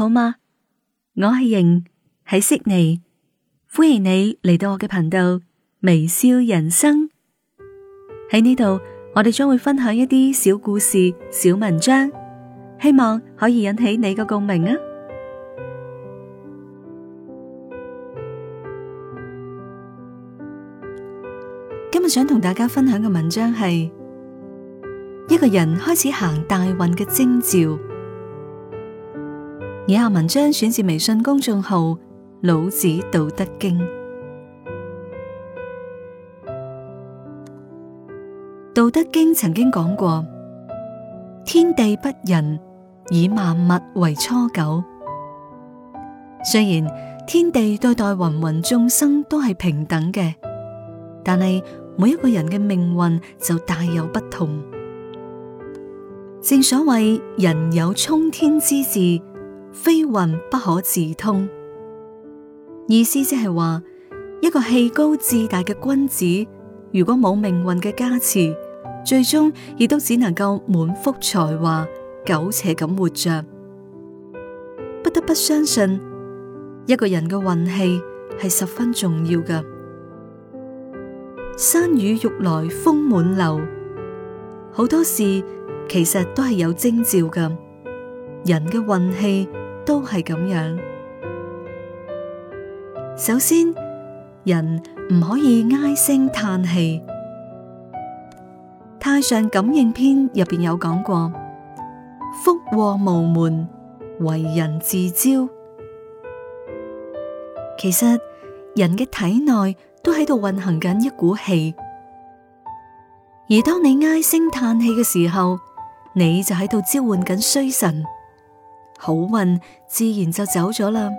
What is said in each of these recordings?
好嗎？我係瑩，喺悉尼，歡迎你嚟到我嘅頻道微笑人生。喺呢度，我哋將會分享一啲小故事、小文章，希望可以引起你嘅共鳴啊！今日想同大家分享嘅文章係一個人開始行大運嘅徵兆。以下文章選自微信公眾號《老子道德經》。道德經曾經講過：天地不仁，以萬物為芻狗。雖然天地對待芸芸眾生都係平等嘅，但係每一個人嘅命運就大有不同。正所謂，人有衝天之志。非運不可自通，意思即係話一個氣高自大嘅君子，如果冇命運嘅加持，最終亦都只能夠滿腹才華，苟且咁活着，不得不相信一個人嘅運氣係十分重要嘅。山雨欲來風滿樓，好多事其實都係有徵兆嘅，人嘅運氣。都係咁樣。首先，人唔可以唉聲嘆氣，《太上感應篇》入邊有講過：福禍無門，為人自招。其實人嘅體內都喺度運行緊一股氣，而當你唉聲嘆氣嘅時候，你就喺度召喚緊衰神。好運自然就走咗啦。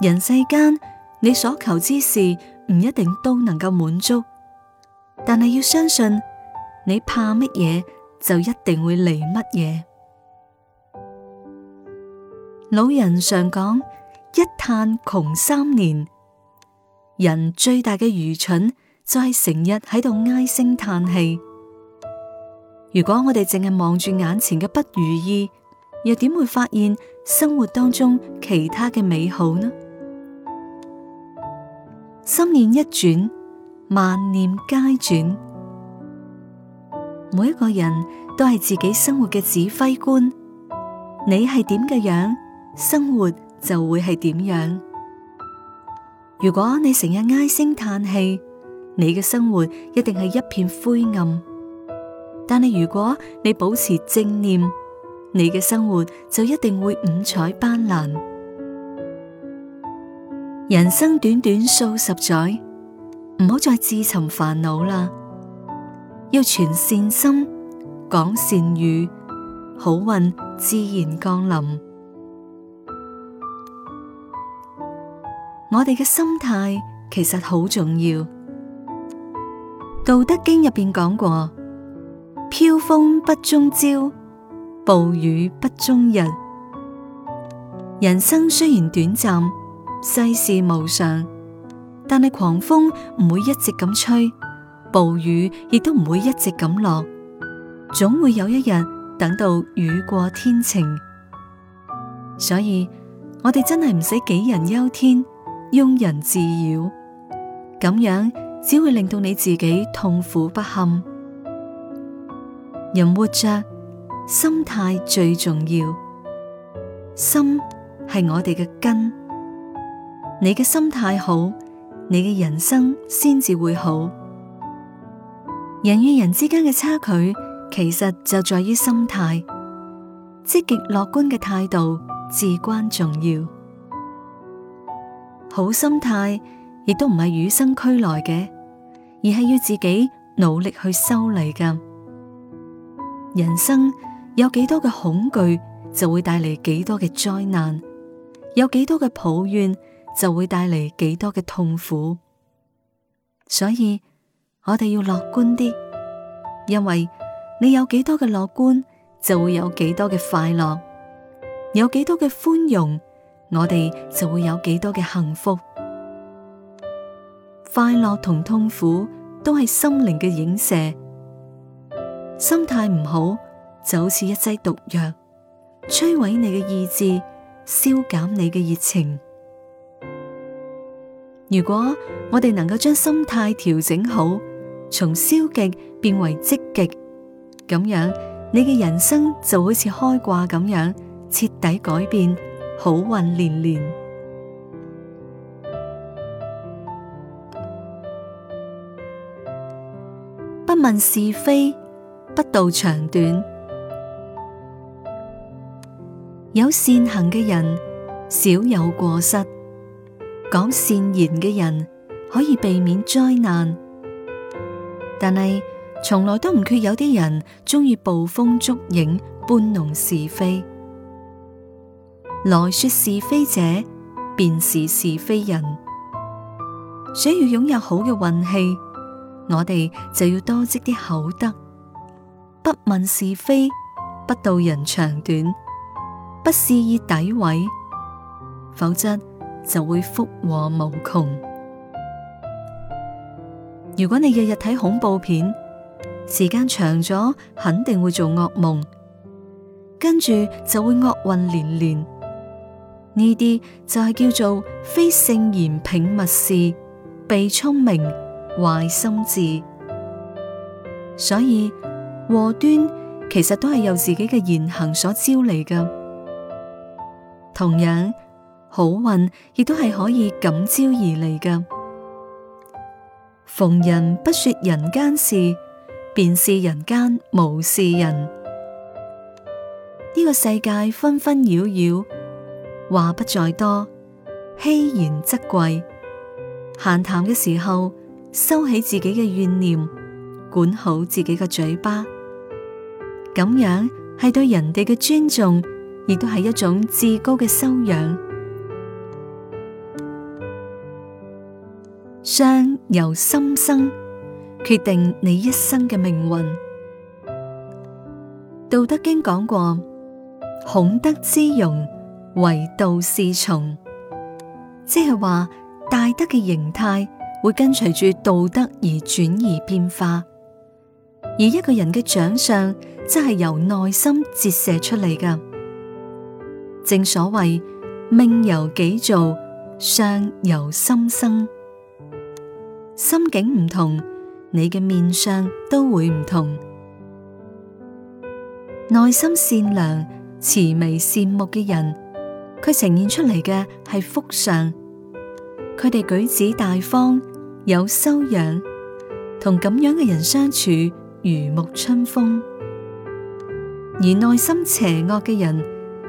人世間，你所求之事唔一定都能夠滿足，但係要相信，你怕乜嘢就一定會嚟乜嘢。老人常講：一嘆窮三年。人最大嘅愚蠢就係成日喺度唉聲嘆氣。如果我哋淨係望住眼前嘅不如意，又點會發現生活當中其他嘅美好呢？心念一轉，萬念皆轉。每一個人都係自己生活嘅指揮官，你係點嘅樣，生活就會係點樣。如果你成日唉聲嘆氣，你嘅生活一定係一片灰暗。但係如果你保持正念，你嘅生活就一定會五彩斑斕。人生短短數十載，唔好再自尋煩惱啦。要存善心，講善語，好運自然降臨。我哋嘅心態其實好重要，《道德經》入邊講過：飄風不終朝。」暴雨不終日，人生雖然短暫，世事無常，但係狂風唔會一直咁吹，暴雨亦都唔會一直咁落，總會有一日等到雨過天晴。所以，我哋真係唔使杞人憂天，庸人自擾，咁樣只會令到你自己痛苦不堪。人活着。心態最重要，心係我哋嘅根。你嘅心態好，你嘅人生先至會好。人與人之間嘅差距，其實就在於心態。積極樂觀嘅態度至關重要。好心態亦都唔係與生俱來嘅，而係要自己努力去修嚟噶。人生。有幾多嘅恐懼就會帶嚟幾多嘅災難，有幾多嘅抱怨就會帶嚟幾多嘅痛苦，所以我哋要樂觀啲，因為你有幾多嘅樂觀就會有幾多嘅快樂，有幾多嘅寬容，我哋就會有幾多嘅幸福。快樂同痛苦都係心靈嘅映射，心態唔好，就好似一劑毒藥，摧毀你嘅意志，消減你嘅熱情。如果我哋能夠將心態調整好，從消極變為積極，咁樣，你嘅人生就好似開掛咁樣，徹底改變，好運連連。不問是非，不道長短。有善行嘅人少有過失，講善言嘅人可以避免災難。但係從來都唔缺有啲人鍾意捕風捉影、搬弄是非。來說是非者，便是是非人。想要擁有好嘅運氣，我哋就要多積啲口德，不問是非，不道人長短。不適宜詆毀，否則就會福禍無窮。如果你日日睇恐怖片，時間長咗肯定會做惡夢，跟住就會惡運連連。呢啲就係叫做非聖言，屏勿視，被聰明，壞心智。所以禍端其實都係由自己嘅言行所招嚟噶。同樣，好運亦都係可以感召而嚟噶。逢人不說人間事，便是人間無事人。呢、這個世界紛紛擾擾，話不在多，稀言則貴。閒談嘅時候，收起自己嘅怨念，管好自己嘅嘴巴，咁樣係對人哋嘅尊重。亦都係一種至高嘅修養。相由心生，決定你一生嘅命運。道德經講過：孔德之容，唯道是從，即係話大德嘅形態會跟隨住道德而轉移變化。而一個人嘅長相，則係由內心折射出嚟噶。正所謂命由己造，相由心生。心境唔同，你嘅面相都會唔同。內心善良、慈眉善目嘅人，佢呈現出嚟嘅係福相。佢哋舉止大方，有修養，同咁樣嘅人相處如沐春風。而內心邪惡嘅人，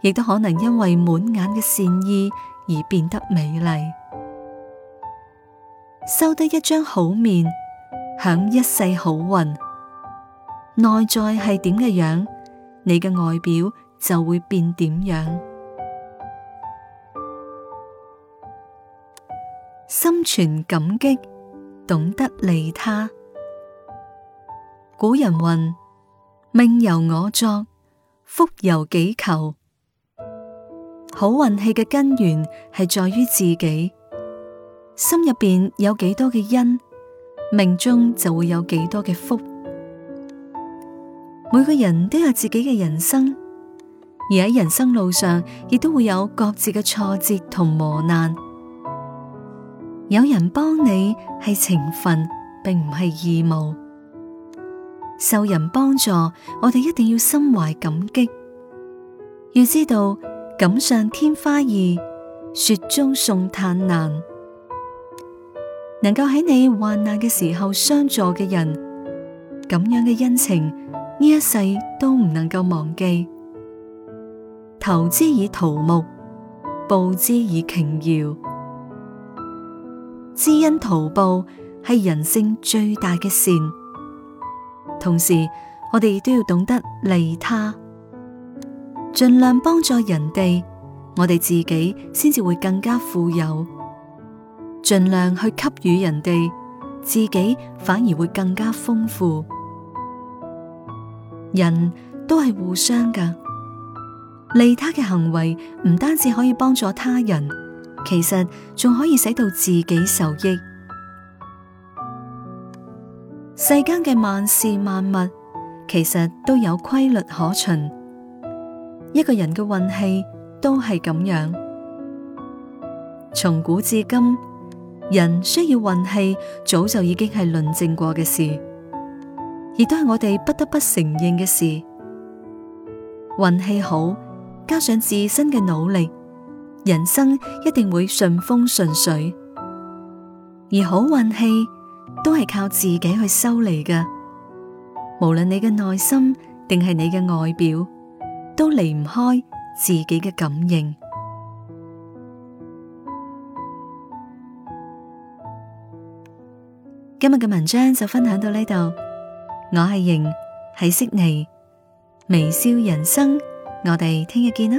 亦都可能因為滿眼嘅善意而變得美麗，修得一張好面，享一世好運。內在係點嘅樣，你嘅外表就會變點樣。心存感激，懂得利他。古人云：命由我作，福由己求。好運氣嘅根源係在於自己，心入邊有幾多嘅因，命中就會有幾多嘅福。每個人都有自己嘅人生，而喺人生路上亦都會有各自嘅挫折同磨難。有人幫你係情分，並唔係義務。受人幫助，我哋一定要心懷感激，要知道。錦上添花易，雪中送炭難。能夠喺你患難嘅時候相助嘅人，咁樣嘅恩情，呢一世都唔能夠忘記。投之以桃木，報之以瓊瑤。知恩圖報係人性最大嘅善，同時我哋都要懂得利他。盡量幫助人哋，我哋自己先至會更加富有。盡量去給予人哋，自己反而會更加豐富。人都係互相㗎，利他嘅行為唔單止可以幫助他人，其實仲可以使到自己受益。世間嘅萬事萬物，其實都有規律可循。一個人嘅運氣都係咁樣，從古至今，人需要運氣早就已經係論證過嘅事，亦都係我哋不得不承認嘅事。運氣好加上自身嘅努力，人生一定會順風順水。而好運氣都係靠自己去修嚟嘅，無論你嘅內心定係你嘅外表，都離唔開自己嘅感應。今日嘅文章就分享到呢度，我係瑩，喺悉尼微笑人生，我哋聽日見啦。